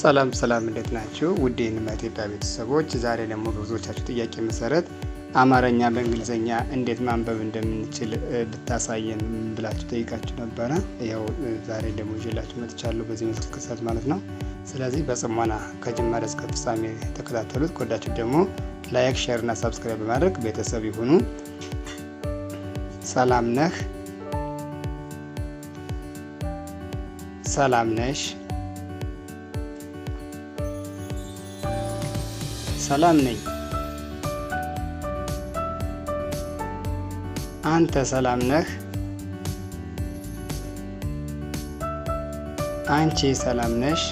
ሰላም ሰላም፣ እንዴት ናችሁ? ውድ የንማ ኢትዮጵያ ቤተሰቦች፣ ዛሬ ደግሞ በብዙዎቻችሁ ጥያቄ መሰረት አማርኛ በእንግሊዝኛ እንዴት ማንበብ እንደምንችል ብታሳየን ብላችሁ ጠይቃችሁ ነበረ። ያው ዛሬ ደግሞ ይዤላችሁ መጥቻለሁ በዚህ መስክ ክሰት ማለት ነው። ስለዚህ በጽሞና ከጅማሬ እስከ ፍጻሜ ተከታተሉት። ከወዳችሁ ደግሞ ላይክ፣ ሼር እና ሳብስክራይብ በማድረግ ቤተሰብ ይሁኑ። ሰላም ነህ፣ ሰላም ነሽ ሰላም ነኝ። አንተ ሰላም ነህ? አንቺ ሰላም ነሽ?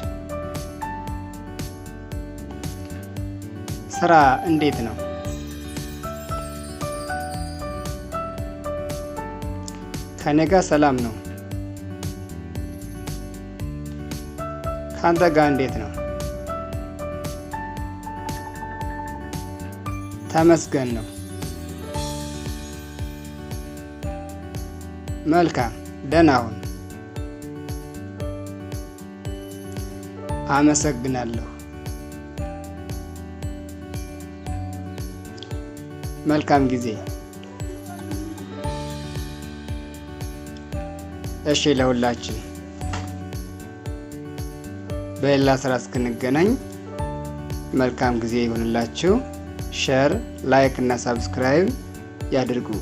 ስራ እንዴት ነው? ከኔ ጋር ሰላም ነው። ከአንተ ጋር እንዴት ነው? ተመስገን ነው። መልካም ደህና ሁን። አመሰግናለሁ። መልካም ጊዜ። እሺ ለሁላችን። በሌላ ስራ እስክንገናኝ መልካም ጊዜ ይሆንላችሁ። ሼር፣ ላይክ እና ሳብስክራይብ ያድርጉ።